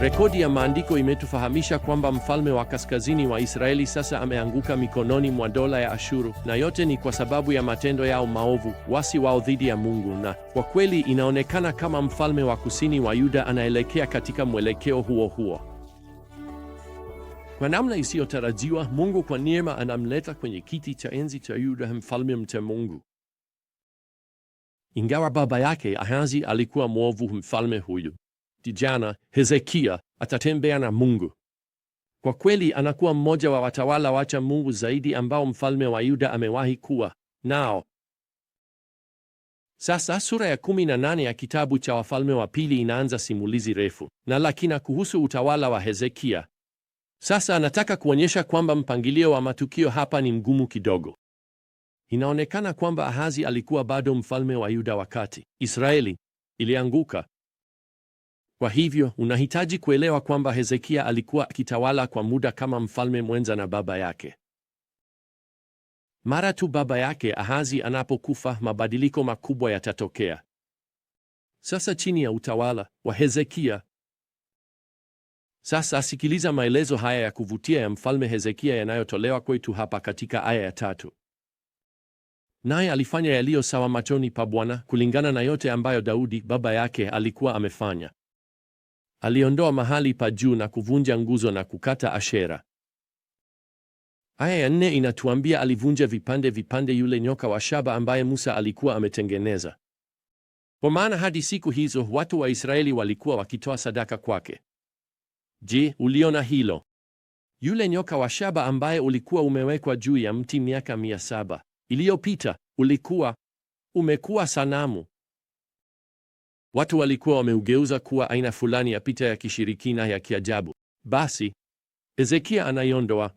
Rekodi ya maandiko imetufahamisha kwamba mfalme wa kaskazini wa Israeli sasa ameanguka mikononi mwa dola ya Ashuru, na yote ni kwa sababu ya matendo yao maovu, wasi wao dhidi ya Mungu. Na kwa kweli inaonekana kama mfalme wa kusini wa Yuda anaelekea katika mwelekeo huo huo. Kwa namna isiyotarajiwa, Mungu kwa neema anamleta kwenye kiti cha enzi cha Yuda mfalme mcha Mungu. Ingawa baba yake Ahazi alikuwa mwovu, mfalme huyu jana Hezekia atatembea na Mungu. Kwa kweli anakuwa mmoja wa watawala wacha Mungu zaidi ambao mfalme wa Yuda amewahi kuwa nao. Sasa sura ya 18 ya kitabu cha Wafalme wa Pili inaanza simulizi refu na lakina kuhusu utawala wa Hezekia. Sasa anataka kuonyesha kwamba mpangilio wa matukio hapa ni mgumu kidogo. Inaonekana kwamba Ahazi alikuwa bado mfalme wa Yuda wakati Israeli ilianguka. Kwa hivyo unahitaji kuelewa kwamba Hezekia alikuwa akitawala kwa muda kama mfalme mwenza na baba yake. Mara tu baba yake Ahazi anapokufa, mabadiliko makubwa yatatokea. Sasa chini ya utawala wa Hezekia. Sasa sikiliza maelezo haya ya kuvutia ya mfalme Hezekia yanayotolewa kwetu hapa katika aya ya tatu. Naye alifanya yaliyo sawa machoni pa Bwana kulingana na yote ambayo Daudi baba yake alikuwa amefanya. Aliondoa mahali pa juu na kuvunja nguzo na kukata Ashera. Aya ya nne inatuambia alivunja vipande vipande yule nyoka wa shaba ambaye Musa alikuwa ametengeneza. Kwa maana hadi siku hizo watu wa Israeli walikuwa wakitoa sadaka kwake. Je, uliona hilo? Yule nyoka wa shaba ambaye ulikuwa umewekwa juu ya mti miaka mia saba iliyopita ulikuwa umekuwa sanamu Watu walikuwa wameugeuza kuwa aina fulani ya picha ya kishirikina ya kiajabu. Basi Hezekia anaiondoa.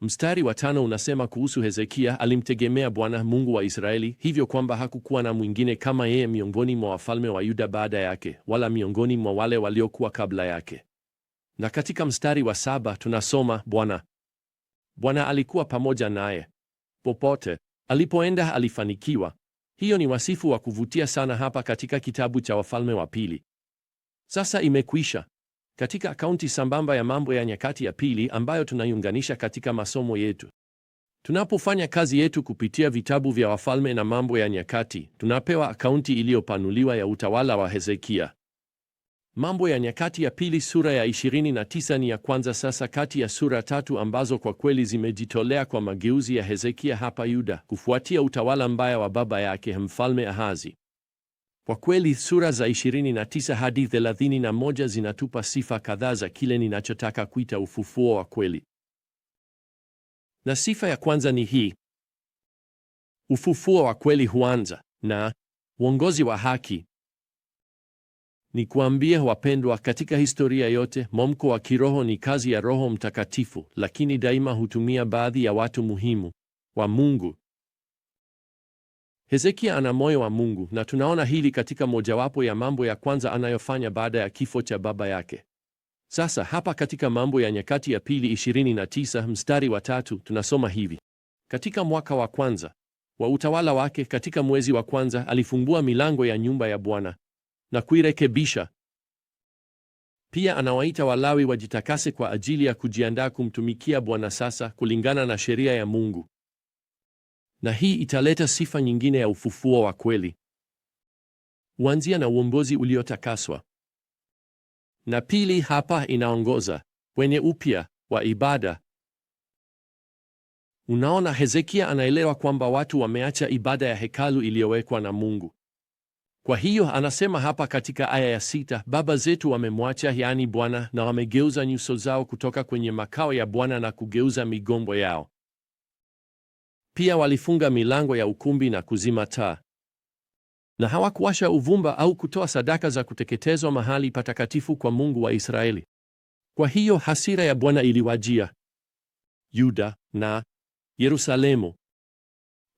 Mstari wa tano unasema kuhusu Hezekia, alimtegemea Bwana Mungu wa Israeli, hivyo kwamba hakukuwa na mwingine kama yeye miongoni mwa wafalme wa Yuda baada yake, wala miongoni mwa wale waliokuwa kabla yake. Na katika mstari wa saba tunasoma Bwana Bwana alikuwa pamoja naye, popote alipoenda alifanikiwa. Hiyo ni wasifu wa kuvutia sana hapa katika kitabu cha Wafalme wa Pili. Sasa imekwisha. Katika akaunti sambamba ya Mambo ya Nyakati ya Pili ambayo tunaiunganisha katika masomo yetu, tunapofanya kazi yetu kupitia vitabu vya Wafalme na Mambo ya Nyakati, tunapewa akaunti iliyopanuliwa ya utawala wa Hezekia. Mambo ya Nyakati ya Pili sura ya 29 ni ya kwanza sasa kati ya sura tatu ambazo kwa kweli zimejitolea kwa mageuzi ya Hezekia hapa Yuda kufuatia utawala mbaya wa baba yake Mfalme Ahazi. Kwa kweli sura za 29 hadi 31 zinatupa sifa kadhaa za kile ninachotaka kuita ufufuo wa kweli. Na sifa ya kwanza ni hii. Ufufuo wa kweli huanza na uongozi wa haki. Ni kuambie wapendwa, katika historia yote mwamko wa kiroho ni kazi ya Roho Mtakatifu, lakini daima hutumia baadhi ya watu muhimu wa Mungu. Hezekia ana moyo wa Mungu na tunaona hili katika mojawapo ya mambo ya kwanza anayofanya baada ya kifo cha baba yake. Sasa hapa katika Mambo ya Nyakati ya Pili 29 mstari wa tatu tunasoma hivi: katika mwaka wa kwanza wa utawala wake, katika mwezi wa kwanza, alifungua milango ya nyumba ya Bwana na kuirekebisha. Pia anawaita Walawi wajitakase kwa ajili ya kujiandaa kumtumikia Bwana sasa kulingana na sheria ya Mungu. Na hii italeta sifa nyingine ya ufufuo wa kweli. Uanzia na uongozi uliotakaswa. Na pili hapa inaongoza kwenye upya wa ibada. Unaona, Hezekia anaelewa kwamba watu wameacha ibada ya hekalu iliyowekwa na Mungu kwa hiyo anasema hapa katika aya ya sita, baba zetu wamemwacha, yaani Bwana, na wamegeuza nyuso zao kutoka kwenye makao ya Bwana na kugeuza migongo yao. Pia walifunga milango ya ukumbi na kuzima taa, na hawakuwasha uvumba au kutoa sadaka za kuteketezwa mahali patakatifu kwa Mungu wa Israeli. Kwa hiyo hasira ya Bwana iliwajia Yuda na Yerusalemu.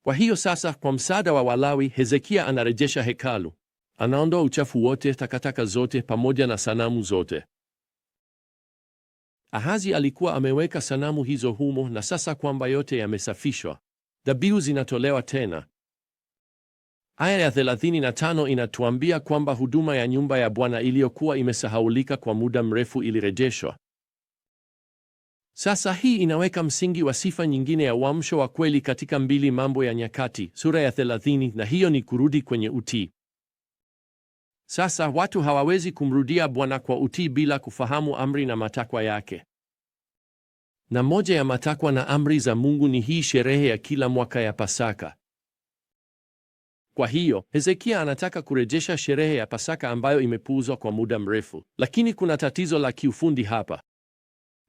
Kwa hiyo sasa, kwa msaada wa Walawi, Hezekia anarejesha hekalu, anaondoa uchafu wote, takataka zote, pamoja na sanamu zote. Ahazi alikuwa ameweka sanamu hizo humo, na sasa kwamba yote yamesafishwa, dhabihu zinatolewa tena. Aya ya 35 inatuambia kwamba huduma ya nyumba ya Bwana iliyokuwa imesahaulika kwa muda mrefu ilirejeshwa. Sasa hii inaweka msingi wa sifa nyingine ya uamsho wa kweli katika mbili Mambo ya Nyakati sura ya 30, na hiyo ni kurudi kwenye utii. Sasa watu hawawezi kumrudia Bwana kwa utii bila kufahamu amri na matakwa yake. Na moja ya matakwa na amri za Mungu ni hii sherehe ya kila mwaka ya Pasaka. Kwa hiyo Hezekia anataka kurejesha sherehe ya Pasaka ambayo imepuuzwa kwa muda mrefu, lakini kuna tatizo la kiufundi hapa.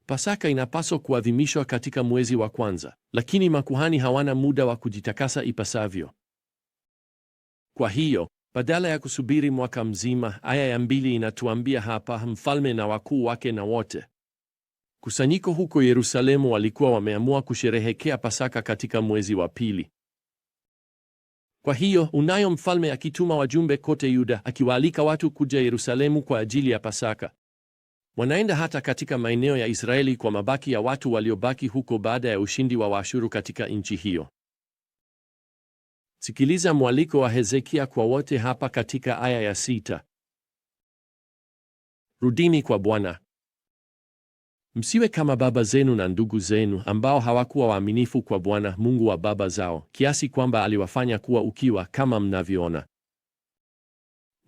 Pasaka inapaswa kuadhimishwa katika mwezi wa kwanza, lakini makuhani hawana muda wa kujitakasa ipasavyo. Kwa hiyo badala ya kusubiri mwaka mzima, aya ya mbili inatuambia hapa, mfalme na wakuu wake na wote kusanyiko huko Yerusalemu walikuwa wameamua kusherehekea Pasaka katika mwezi wa pili. Kwa hiyo unayo mfalme akituma wajumbe kote Yuda, akiwaalika watu kuja Yerusalemu kwa ajili ya Pasaka. Wanaenda hata katika maeneo ya Israeli kwa mabaki ya watu waliobaki huko baada ya ushindi wa Waashuru katika nchi hiyo. Sikiliza mwaliko wa Hezekia kwa wote hapa katika aya ya sita. Rudini kwa Bwana. Msiwe kama baba zenu na ndugu zenu ambao hawakuwa waaminifu kwa Bwana Mungu wa baba zao, kiasi kwamba aliwafanya kuwa ukiwa kama mnavyoona.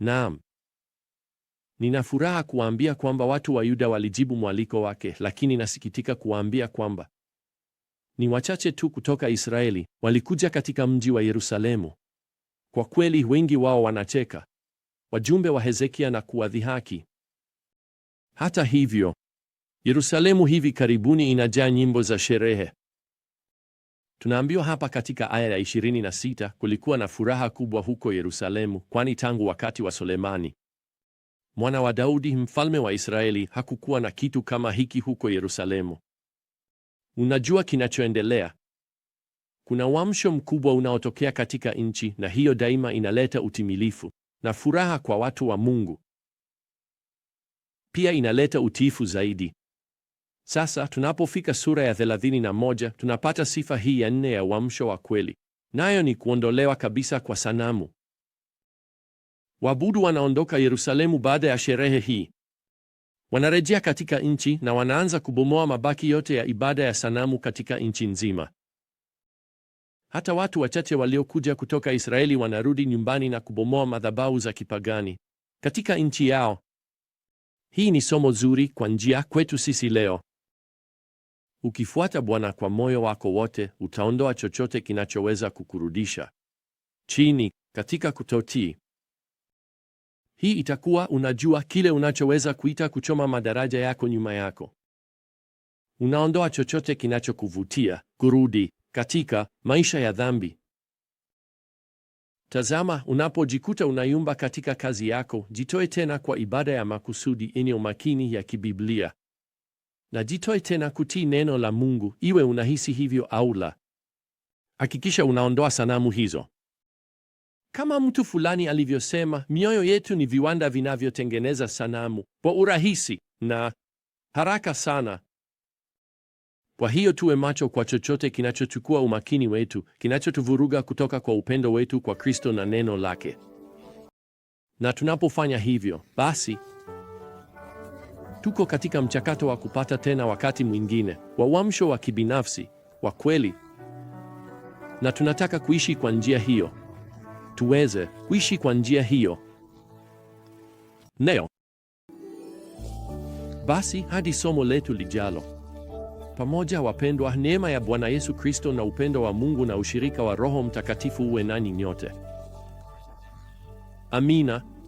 Naam. Nina furaha kuwaambia kwamba watu wa Yuda walijibu mwaliko wake, lakini nasikitika kuwaambia kwamba ni wachache tu kutoka Israeli walikuja katika mji wa Yerusalemu. Kwa kweli, wengi wao wanacheka wajumbe wa Hezekia na kuwadhihaki. Hata hivyo, Yerusalemu hivi karibuni inajaa nyimbo za sherehe. Tunaambiwa hapa katika aya ya 26, kulikuwa na furaha kubwa huko Yerusalemu, kwani tangu wakati wa Sulemani mwana wa Daudi mfalme wa Israeli, hakukuwa na kitu kama hiki huko Yerusalemu. Unajua kinachoendelea? Kuna uamsho mkubwa unaotokea katika nchi, na hiyo daima inaleta utimilifu na furaha kwa watu wa Mungu. Pia inaleta utiifu zaidi. Sasa tunapofika sura ya 31 tunapata sifa hii ya nne ya uamsho wa kweli, nayo ni kuondolewa kabisa kwa sanamu wabudu wanaondoka Yerusalemu baada ya sherehe hii. Wanarejea katika nchi na wanaanza kubomoa mabaki yote ya ibada ya sanamu katika nchi nzima. Hata watu wachache waliokuja kutoka Israeli wanarudi nyumbani na kubomoa madhabahu za kipagani katika nchi yao. Hii ni somo zuri kwa njia kwetu sisi leo. Ukifuata Bwana kwa moyo wako wote, utaondoa chochote kinachoweza kukurudisha chini katika kutotii. Hii itakuwa unajua kile unachoweza kuita kuchoma madaraja yako nyuma yako. Unaondoa chochote kinachokuvutia kurudi katika maisha ya dhambi. Tazama, unapojikuta unayumba katika kazi yako, jitoe tena kwa ibada ya makusudi yenye umakini ya kibiblia, na jitoe tena kutii neno la Mungu, iwe unahisi hivyo au la. Hakikisha unaondoa sanamu hizo. Kama mtu fulani alivyosema, mioyo yetu ni viwanda vinavyotengeneza sanamu kwa urahisi na haraka sana. Kwa hiyo tuwe macho kwa chochote kinachochukua umakini wetu, kinachotuvuruga kutoka kwa upendo wetu kwa Kristo na neno lake. Na tunapofanya hivyo, basi tuko katika mchakato wa kupata tena wakati mwingine wa uamsho wa kibinafsi wa kweli, na tunataka kuishi kwa njia hiyo tuweze kuishi kwa njia hiyo. Neo basi hadi somo letu lijalo pamoja, wapendwa, neema ya Bwana Yesu Kristo na upendo wa Mungu na ushirika wa Roho Mtakatifu uwe nanyi nyote. Amina.